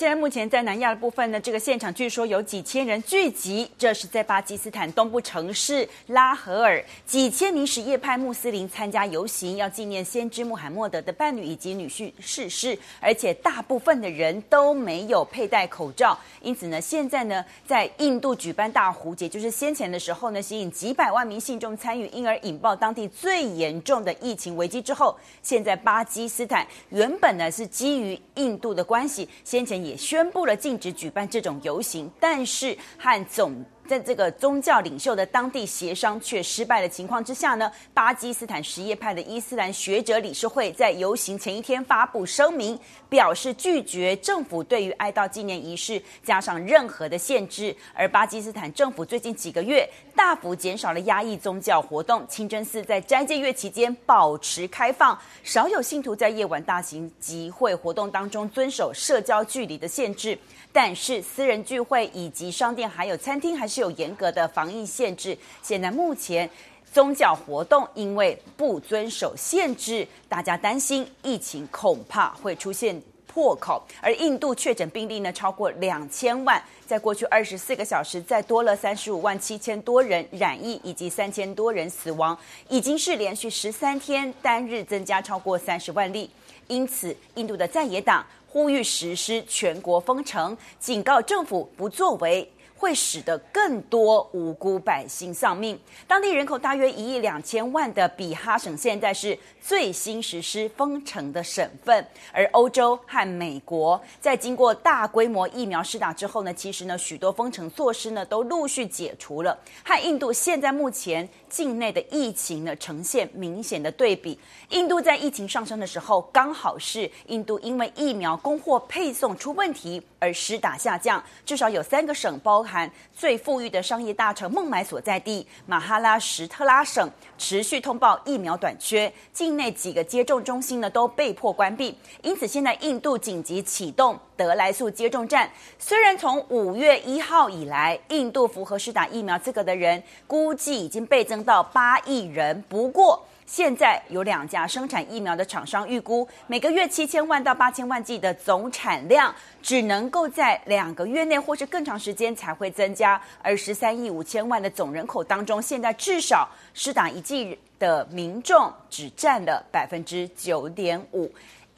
現在目前在南亞的部分呢，這個現場據說有幾千人聚集，這是在巴基斯坦東部城市拉合爾，幾千名什葉派穆斯林參加遊行，要紀念先知穆罕默德的伴侶以及女婿逝世，而且大部分的人都沒有佩戴口罩，因此呢，現在呢，在印度舉辦大壺節，就是先前的時候呢，吸引幾百萬名信眾參與，因而引爆當地最嚴重的疫情危機之後，現在巴基斯坦原本呢是基於印度的關係，先前以也宣布了禁止舉辦這種遊行，但是和總。在這個宗教領袖的當地協商卻失敗的情況之下呢，巴基斯坦什葉派的伊斯蘭學者理事會，在遊行前一天發布聲明，表示拒絕政府對於哀悼紀念儀式加上任何的限制。而巴基斯坦政府最近幾個月大幅減少了壓抑宗教活動，清真寺在齋戒月期間保持開放，少有信徒在夜晚大型集會活動當中遵守社交距離的限制。但是，私人聚會以及商店還有餐廳還是有嚴格的防疫限制，現在目前宗教活動因為不遵守限制，大家擔心疫情恐怕會出現破口。而印度確診病例呢超過兩千萬，在過去二十四個小時再多了三十五萬七千多人染疫，以及三千多人死亡，已經是連續十三天單日增加超過三十萬例。因此，印度的在野黨呼籲實施全國封城，警告政府不作為。會使得更多無辜百姓喪命。當地人口大約一億兩千萬的比哈省，現在是最新實施封城的省份。而歐洲和美國在經過大規模疫苗施打之後呢，其實呢許多封城措施呢都陸續解除了。和印度現在目前境內的疫情呢呈現明顯的對比。印度在疫情上升的時候，剛好是印度因為疫苗供貨配送出問題而施打下降，至少有三個省報包含最富裕的商業大城孟買所在地馬哈拉什特拉省，持續通報疫苗短缺，境內幾個接種中心呢都被迫關閉。因此，現在印度緊急啟動得來速接種站。雖然從五月一號以來，印度符合施打疫苗資格的人估計已經倍增到八億人，不過。現在有兩家生產疫苗的廠商預估，每個月七千萬到八千萬劑的總產量，只能夠在兩個月內或是更長時間才會增加。而十三億五千萬的總人口當中，現在至少施打一劑的民眾只占了百分之九點五。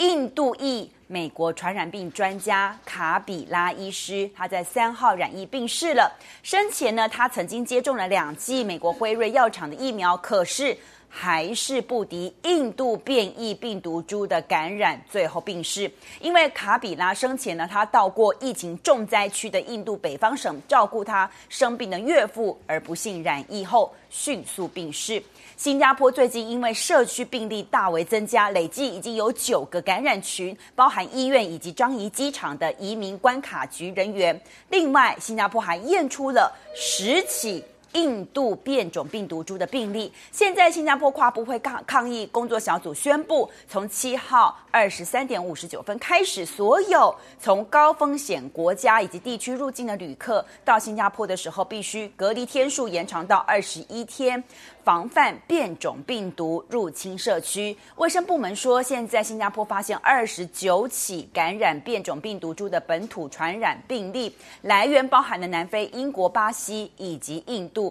印度裔美國傳染病專家卡比拉醫師，他在三號染疫病逝了。生前呢，他曾經接種了兩劑美國輝瑞藥廠的疫苗，可是還是不敵印度變異病毒株的感染，最後病逝。因為卡比拉生前呢，他到過疫情重災區的印度北方省，照顧他生病的岳父，而不幸染疫後迅速病逝。新加坡最近因為社區病例大為增加，累計已經有九個感染群，包含醫院以及樟宜機場的移民關卡局人員。另外，新加坡還驗出了十起。印度變種病毒株的病例。現在，新加坡跨部會抗抗疫工作小組宣布，從七號二十三點五十九分開始，所有從高風險國家以及地區入境的旅客到新加坡的時候，必須隔離天數延長到二十一天，防範變種病毒入侵社區。衛生部門說，現在新加坡發現二十九起感染變種病毒株的本土傳染病例，來源包含了南非、英國、巴西以及印度。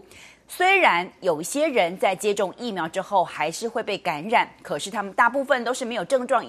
雖然有些人在接種疫苗之後還是會被感染，可是他們大部分都是沒有症狀，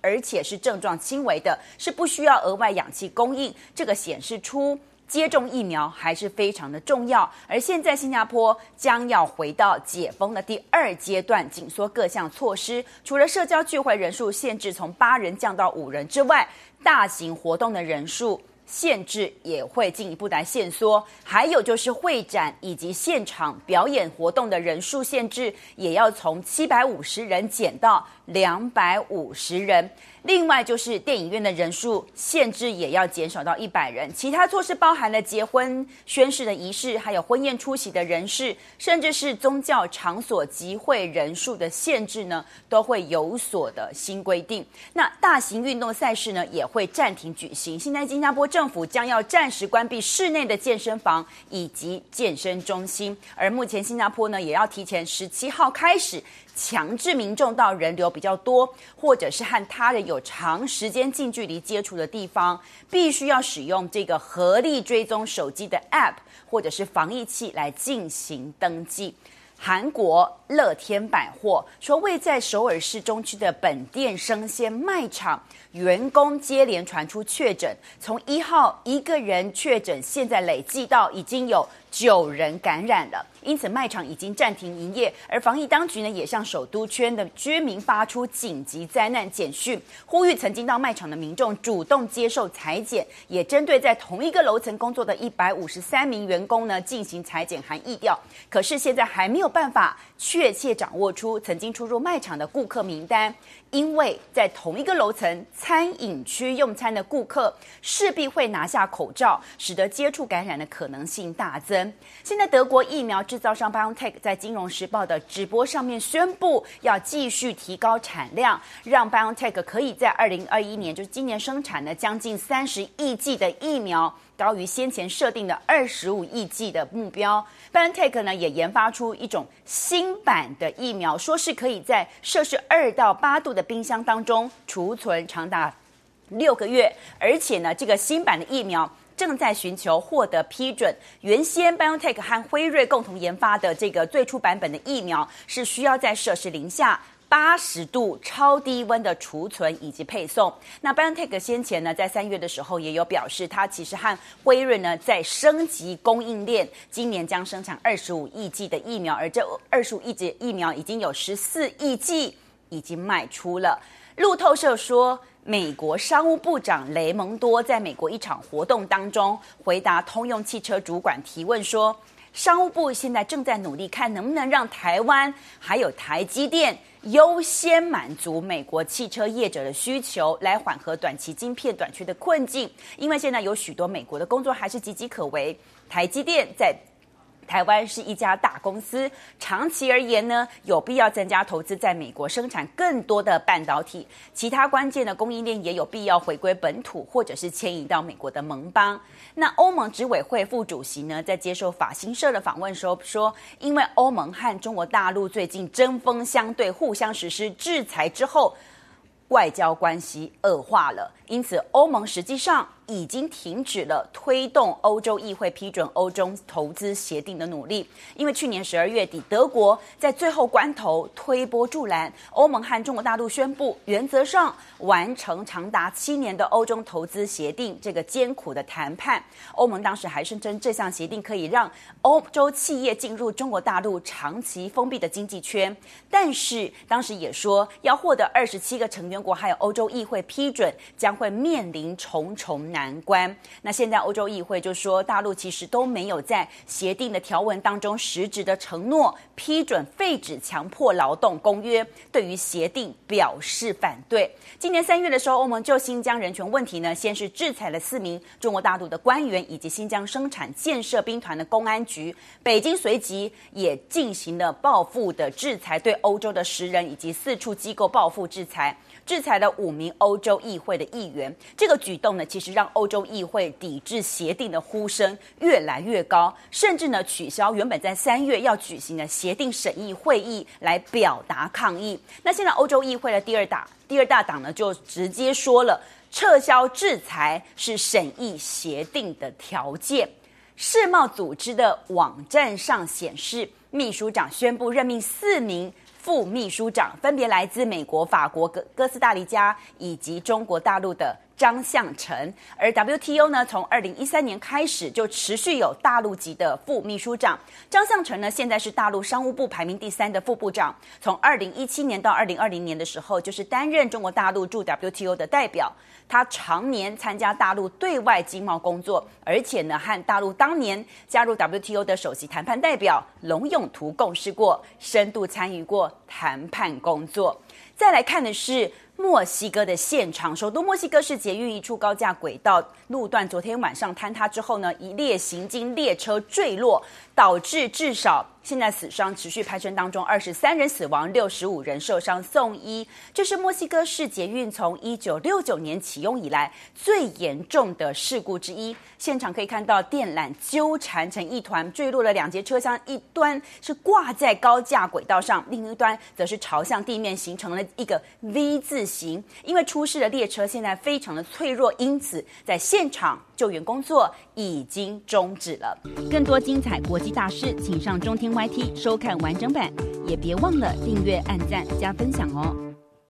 而且是症狀輕微的，是不需要額外氧氣供應。這個顯示出接種疫苗還是非常的重要。而現在新加坡將要回到解封的第二階段，緊縮各項措施，除了社交聚會人數限制從八人降到五人之外，大型活動的人數限制也會進一步的限縮，還有就是會展以及現場表演活動的人數限制也要從七百五十人減到兩百五十人。另外就是電影院的人數限制也要減少到一百人。其他措施包含了結婚宣誓的儀式，還有婚宴出席的人士，甚至是宗教場所集會人數的限制呢，都會有所的新規定。那大型運動賽事呢也會暫停舉行。現在新加坡這政府將要暫時關閉室內的健身房以及健身中心，而目前新加坡呢也要提前十七號開始，強制民眾到人流比較多或者是和他人有長時間近距離接觸的地方，必須要使用這個合力追蹤手機的 App 或者是防疫器來進行登記。韓國樂天百貨說，位在首爾市中區的本店生鮮賣場員工接連傳出確診，從一號一個人確診，現在累計到已經有。九人感染了，因此賣場已經暫停營業，而防疫當局呢也向首都圈的居民發出緊急災難簡訊，呼籲曾經到賣場的民眾主動接受採檢。也針對在同一個樓層工作的一百五十三名員工呢進行採檢和疫調。可是現在還沒有辦法確切掌握出曾經出入賣場的顧客名單。因為在同一個樓層餐飲區用餐的顧客勢必會拿下口罩，使得接觸感染的可能性大增。現在德國疫苗製造商 BioNTech 在《金融時報》的直播上面宣布，要繼續提高產量，讓 BioNTech 可以在二零二一年，就是今年生產呢將近三十億劑的疫苗。高於先前設定的二十五億劑的目標，BioNTech 呢也研發出一種新版的疫苗，說是可以在攝氏二到八度的冰箱當中儲存長達六個月，而且呢這個新版的疫苗正在尋求獲得批准。原先 BioNTech 和輝瑞共同研發的這個最初版本的疫苗是需要在攝氏零下八十度超低溫的儲存以及配送。那 BioNTech 先前呢，在三月的時候也有表示，它其實和輝瑞呢在升級供應鏈，今年將生產二十五億劑的疫苗，而這二十五億劑疫苗已經有十四億劑已經賣出了。路透社說，美國商務部長雷蒙多在美國一場活動當中回答通用汽車主管提問說。商務部現在正在努力，看能不能讓台灣還有台積電優先滿足美國汽車業者的需求，來緩和短期晶片短缺的困境。因為現在有許多美國的工作還是岌岌可危，台積電在台灣是一家大公司，長期而言呢，有必要增加投資，在美國生產更多的半導體，其他關鍵的供應鏈也有必要回歸本土，或者是遷移到美國的盟邦。那歐盟執委會副主席呢，在接受法新社的訪問時候說，因為歐盟和中國大陸最近針鋒相對，互相實施制裁之後，外交關係惡化了，因此歐盟實際上。已經停止了推動歐洲議會批准《歐中投資協定》的努力，因為去年十二月底，德國在最後關頭推波助瀾，歐盟和中國大陸宣布原則上完成長達七年的《歐中投資協定》這個艱苦的談判。歐盟當時還聲稱，這項協定可以讓歐洲企業進入中國大陸長期封閉的經濟圈，但是當時也說要獲得二十七個成員國還有歐洲議會批准，將會面臨重重難。難關。那現在歐洲議會就說，大陸其實都沒有在協定的條文當中實質的承諾批准廢止強迫勞動公約，對於協定表示反對。今年三月的時候，歐盟就新疆人權問題呢，先是制裁了四名中國大陸的官員以及新疆生產建設兵團的公安局，北京隨即也進行了報復的制裁，對歐洲的十人以及四處機構報復制裁，制裁了五名歐洲議會的議員。這個舉動呢，其實讓。歐洲議會抵制協定的呼聲越來越高，甚至呢，取消原本在三月要舉行的協定審議會議來表達抗議。那現在歐洲議會的第二大第二大黨呢，就直接說了，撤銷制裁是審議協定的條件。世貿組織的網站上顯示，秘書長宣布任命四名副秘書長，分別來自美國、法國、哥哥斯大黎加以及中國大陸的。張向晨，而 WTO 呢，從二零一三年開始就持續有大陸籍的副秘書長。張向晨呢，現在是大陸商務部排名第三的副部長。從二零一七年到二零二零年的時候，就是擔任中國大陸駐 WTO 的代表。他常年參加大陸對外經貿工作，而且呢，和大陸當年加入 WTO 的首席談判代表龍永圖共事過，深度參與過談判工作。再來看的是。墨西哥的現場，首都墨西哥市捷運一處高架軌道路段，昨天晚上坍塌之後呢，一列行經列車墜落，導致至少現在死傷持續攀升當中，二十三人死亡，六十五人受傷送醫。這是墨西哥市捷運從一九六九年啟用以來最嚴重的事故之一。現場可以看到電纜糾纏成一團，墜落了兩節車廂，一端是掛在高架軌道上，另一端則是朝向地面形成了一個 V 字。行。因為出事的列車現在非常的脆弱，因此在現場救援工作已經終止了。更多精彩國際大事，請上中天 YT 收看完整版，也別忘了訂閱、按讚、加分享哦。